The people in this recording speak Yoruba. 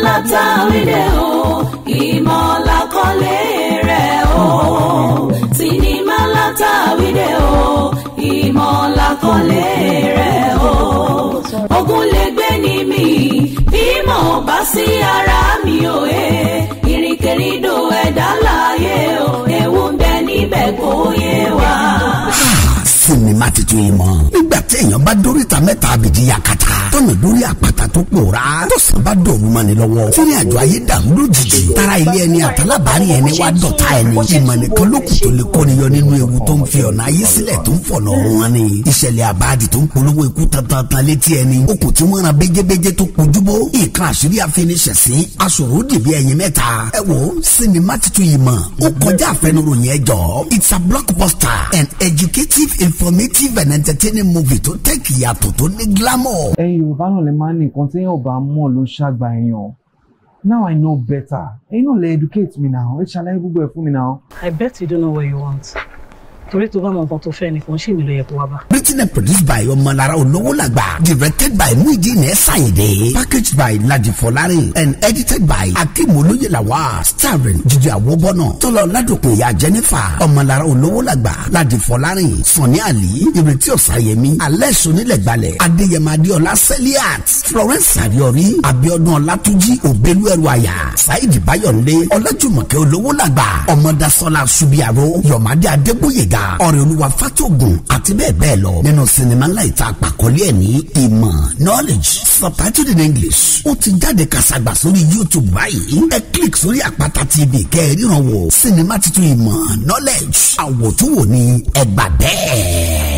ńlá tá o ìmọ̀lá kọ́lé rẹ̀ o sinimá ńlá tá o ìmọ̀lá kọ́lé rẹ̀ o ogun lè gbé ní mi bí mo bá sí ara mi òye ìrìnkèrindò ẹ̀dá láàyè o ewu ń bẹ níbẹ̀ kó yé wa. sinimá titun yìí mọ́ téèyàn bá dórí ta mẹ́ta àbìjì yakata tọ̀nà lórí àpáta tó pòórá tọ̀sán bá dọ̀rù mani lọ́wọ́ tíní àjọ ayé dàrú lójijì tara ilé ẹni àtàlábàárí ẹni wá dọ̀tá ẹni ìmọ̀ lókùn tó lè kóni yọ nínú ewu tó ń fi ọ̀nà ayé sílẹ̀ tó ń fọ̀nà ọ̀run wọn ni ìṣẹ̀lẹ̀ àbáàdì tó ń polówó ikú tantan létí ẹni okùn tí wọ́n ran béjébéjé tó kojúbó ìkan àṣírí it's a blockbuster an educative informative and entertaining movie tó tẹ́kì yàtọ̀ tó ní gílámọ̀. ẹ yorùbá náà lè máa ní nǹkan tí èèyàn bá mọ̀ ló ṣàgbà èèyàn now i know better èèyàn lè educate me now ẹ ṣàlàyé gbogbo ẹ fún mi now. i bet you don't know what you want torí tó bá mọ nǹkan tó fẹ́ nìkan ṣì nílò yẹ kó bá. written and produced by ọmọlára olówólàgbà directed by muidine sayide packaged by laji and edited by akim olóyèlàwà starring jíjẹ àwòbọ̀nà tọ́lá ládòkun ìyá jennifer ọmọlára olówólàgbà laji fọlárin sani ali ìrètí ọ̀sáyẹmí alẹ́ sonilẹ̀gbalẹ̀ adéyẹmọ adéọlá sẹ́líàt florence àríọ̀rí abiodun ọlátúnjí òbẹ́lú ẹrù àyà saidi bayọ̀nlé ọlájùmọ̀kẹ́ olówólàgbà ọmọdásọ́lá subiaro yọ̀mádé adégbòyèg ìgbéraga ọ̀rẹ́ olúwa fàtògùn àti bẹ́ẹ̀ bẹ́ẹ̀ lọ nínú sinimá ńlá ìta àpàkọ́lé ẹ̀ ní ìmọ̀ knowledge subtitled in english ó ti jáde kàṣàgbà sórí youtube báyìí ẹ click sórí àpáta tv kẹ́ẹ̀ríran wo sinimá titun ìmọ̀ knowledge àwòtúwò ni ẹgbà bẹ́ẹ̀.